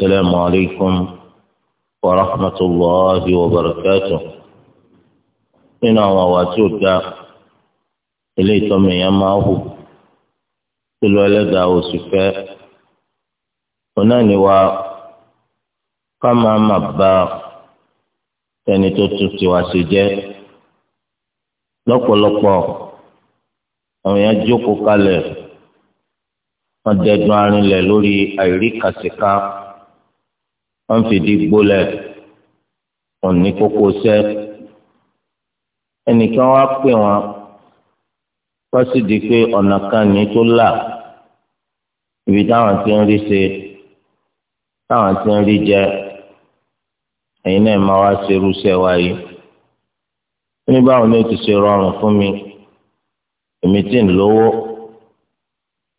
السلام عليكم ورحمة الله وبركاته nínú àwọn àwa tí ó dá ilé ìtọ́mi yẹn máa hù tí lọ ẹlẹ́dàá ò sì fẹ́ òun náà ni wa ká máa má ba ẹni tó tún tiwa ṣe jẹ́ lọ́pọ̀lọpọ̀ àwọn èèyàn jókòó kalẹ̀ wọ́n dẹdun arinlẹ̀ lórí àìríkàsíká wọ́n fìdí gbólẹ̀ wọ́n ní kókó sẹ́ ẹnìkan wá pè wọ́n wọ́n sì di pé ọ̀nà kan ní tó là ibi táwọn ti ń rí ṣe táwọn ti ń rí jẹ ẹ̀yin náà máa wá ṣe irúṣẹ́ wa yìí ní báwo ni o ti ṣe rọrùn fún mi èmi tí ń lówó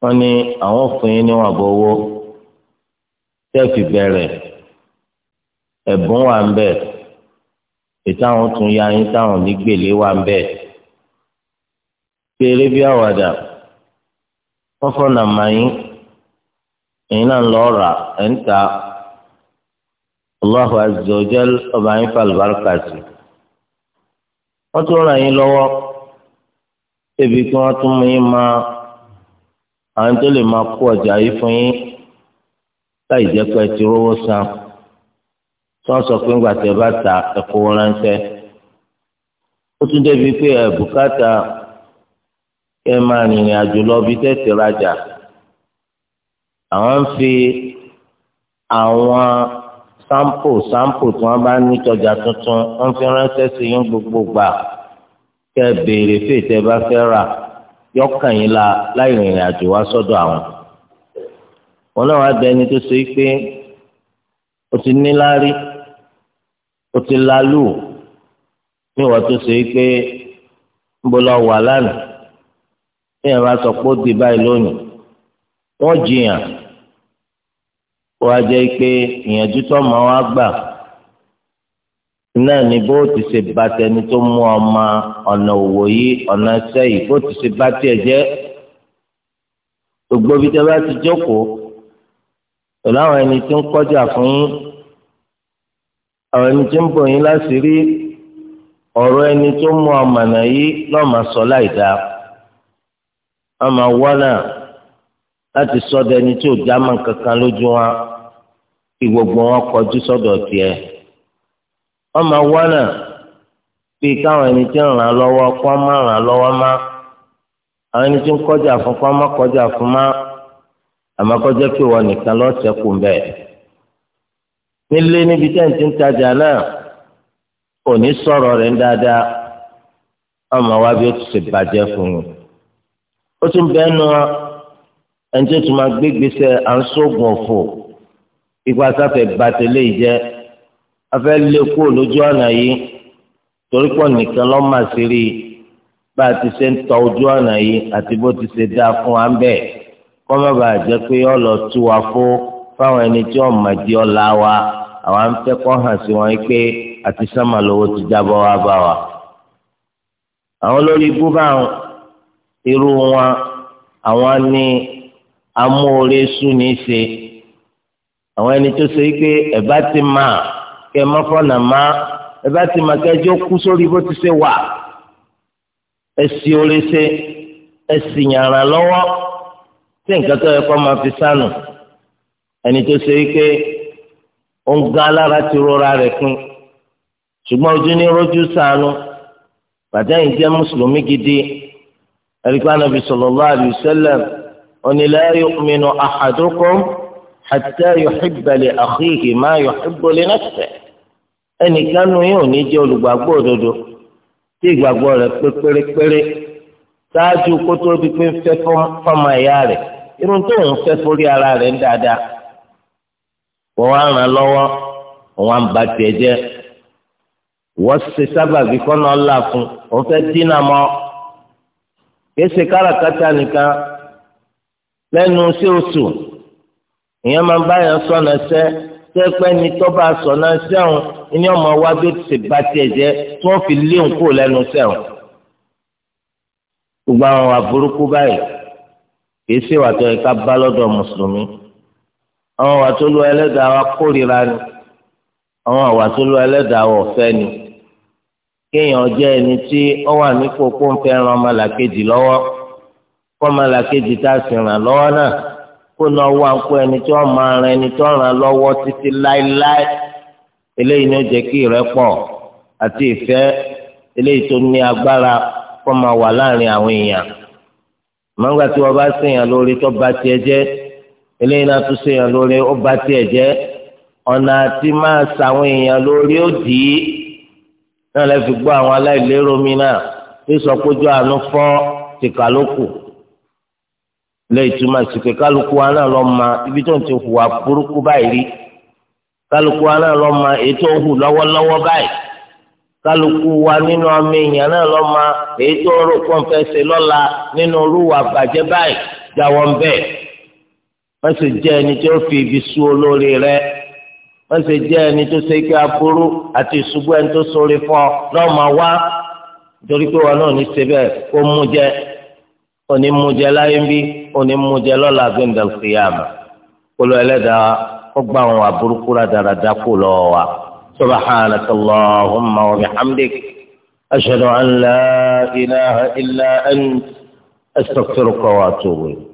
wọ́n ní àwọn òfin yín níwọ̀n bó owó tẹ́ẹ̀fì bẹ̀rẹ̀ ẹ̀bùn wà ń bẹ̀ ìtàwọn tún ya yín táwọn nígbèlè wà ń bẹ̀ péré bí àwàdà wọ́n fọ́nà mà yín èyí náà ń lọ rà ẹ̀ ń ta Allahu azza wa jal ọba yín fa àlùbáríkà sí wọ́n tún ràn yín lọ́wọ́ ebi kí wọ́n tún mú yín máa àwọn tó lè máa kó ọjà yìí fún yín láì jẹ́ pé ẹ ti rówó san tí wọ́n sọ pé ńgbà tí ẹ bá ta ẹ̀kọ́ ránṣẹ́ ó tún débi pé ẹ̀ bùkátà ẹ máa rìnrìn àjò lọ bí tẹ́tì rajà àwọn ń fi àwọn sampo sampo tí wọ́n bá ní tọjà tuntun wọ́n fi ránṣẹ́ sí yín gbogbo gbà kẹ́ béèrè fèètè bá fẹ́ rà yọkàn yín la láì rìnrìn àjò wá sọ́dọ̀ àwọn wọn náà wá bẹ ẹni tó so pé ó ti ní láárí ó ti lálù ní ìwọ tó ṣe pé níbo lọ wà lánàá ní ẹ bá di báyìí lónìí wọ́n jiyàn ó wá jẹ́ pé ìyànjú tó máa wá gbà náà ni bó ti ṣe bá tẹni tó mú ọmọ ọ̀nà òwò yìí ọ̀nà iṣẹ́ yìí bó ti ṣe bá tiẹ̀ jẹ́ gbogbo bí tẹ bá ti jókòó pẹ̀lú àwọn ẹni tí ń kọjá fún yín. àwọn ẹni tí ń bọ̀ yín láti rí ọ̀rọ̀ ẹni tó mú àmànà yìí náà máa sọ láìda a máa wá náà láti sọ́dọ̀ ẹni tí ò kankan lójú wa wọn kọjú sọ́dọ̀ tiẹ̀ wọ́n máa wá náà káwọn ẹni tí ń ràn án lọ́wọ́ kó wọ́n ràn án lọ́wọ́ má àwọn ẹni tí ń kọjá fún kó wọ́n má nílé níbi tẹ́ǹtì ń tajà náà ò ní sọ̀rọ̀ rẹ̀ ń dáadáa ọmọ wa bí ó ti ṣe bàjẹ́ fún un ó tún bẹ́ẹ̀ nu ẹni tó tún máa gbé gbèsè à ń sóògùn òfò ipa sáfẹ̀ bàtẹ́lẹ̀ ìjẹ́ afẹ́ lé e kúrò lójú ọ̀nà yìí torí pọ̀ nìkan lọ́ mà sí rí bá a ti ṣe ń tọ ojú ọ̀nà yìí àti bó ti ṣe dáa fún wa ń kọ́ má jẹ́ pé ọ̀lọ́ tú wa fó fáwọn ẹni tí ọ̀ mà di ọ̀la wa àwọn afẹ́kọ́ hàn sí wọn pé àti sámà lówó ti jábọ́ wá bá wa. àwọn olórí ibú báwọn irú wọn àwọn ní amóore sùn ní í ṣe àwọn ẹni tó ṣe pé ẹ̀bá ti máa kẹ́ mọ́fọ́nà máa ẹ̀bá ti máa kẹ́jọ́ kú sórí bó ti ṣe wà ẹ̀sì oore ṣe ẹ̀sì yàrá lọ́wọ́ tí nǹkan tó yẹ kó máa fi sánù ẹni tó ṣe pé òǹgá alára ti rọra rẹ̀ pin ṣùgbọ́n ojú ní rojú sànú bàtà yìí jẹ́ mùsùlùmí gidi ẹ̀ríkà nàbì sallallahu alaihi wasallam la yu'minu ahadukum hatta yuhibba li akhihi ma yuhibbu li ní jẹ́ olùgbàgbọ́ òdodo tí ìgbàgbọ́ rẹ̀ pé pérépéré ṣáájú kótó di fẹ́ fọ́mọ ẹ̀yà rẹ̀ irun tó ń fẹ́ forí ara rẹ̀ ń dáadáa wọ́n wá ràn lọ́wọ́ wọ́n wá ń ba tiẹ̀ jẹ́ wọ́n ṣe sábàbí kọ́nà ọ̀la fún òun fẹ́ dínà mọ́ kése káràkátà nìkan lẹ́nu sí oṣù ìyẹn máa ń báyọ̀ sọ̀nà sẹ́ sẹ́pẹ́ ni tó bá sọ̀nà sẹ́wọ̀n ní ọmọ wa bí ó ti ba tiẹ̀ jẹ́ tí wọ́n fi léun kú lẹ́nu sẹ́wọ̀n gbogbo àwọn àbúrúkú báyìí kìí ṣèwà tó yẹ ká bá lọ́dọ̀ mùsùlùmí àwọn àwa tó lu ẹlẹ́dàá wa kórìíra ni àwọn àwa tó ẹlẹ́dàá wa ọ̀fẹ́ ni kéèyàn jẹ́ ẹni tí ó wà nípò kó ń fẹ́ ran ọmọlàkejì lọ́wọ́ kó ọmọlàkejì tá a sì ràn lọ́wọ́ náà kó lọ wá ń kó ẹni tí wọ́n máa ran ẹni tí wọ́n ràn lọ́wọ́ títí láéláé eléyìí ni ó jẹ́ kí ìrẹ́pọ̀ àti ìfẹ́ eléyìí tó ní agbára kó máa wà láàrin àwọn èèyàn mọ̀ngbà tí wọ́n bá ṣèyàn lórí tó bá tiẹ̀ jẹ́ eléyìí náà tún ṣèyàn lórí ó bá tiẹ̀ jẹ́ ọ̀nà àti máa ṣàwọn èèyàn lórí ó dì í náà lè fi gbọ́ àwọn aláìlérò mi náà tó sọ àánú fọ́ tìkà ló lè ma ibi tó ń ti hùwà burúkú báyìí rí kálukú wa náà ma èyí tó wa nínú ọmọ èèyàn náà ma èyí tó ń rò lọ́la nínú olúwa bàjẹ́ báyìí jáwọ́ wọ́n sì jẹ́ ẹni tó fi ibi sú olórí rẹ wọ́n sì jẹ́ ẹni tó ṣe kí aburú àti ìṣubú ẹni tó sórí fún ọ náà máa wá nítorí pé wọn náà ní ṣe bẹ́ẹ̀ kó mú jẹ òní mú jẹ láyé ń bí òní mú jẹ lọ́la gbẹ̀ndẹ̀ fìyàmù kólú ẹlẹ́dàá kó gbà wọn aburúkú rádaràdà kó lọ́wọ́ wa subhanaka allahumma wa bihamdik ashhadu an la ilaha illa ant astaghfiruka wa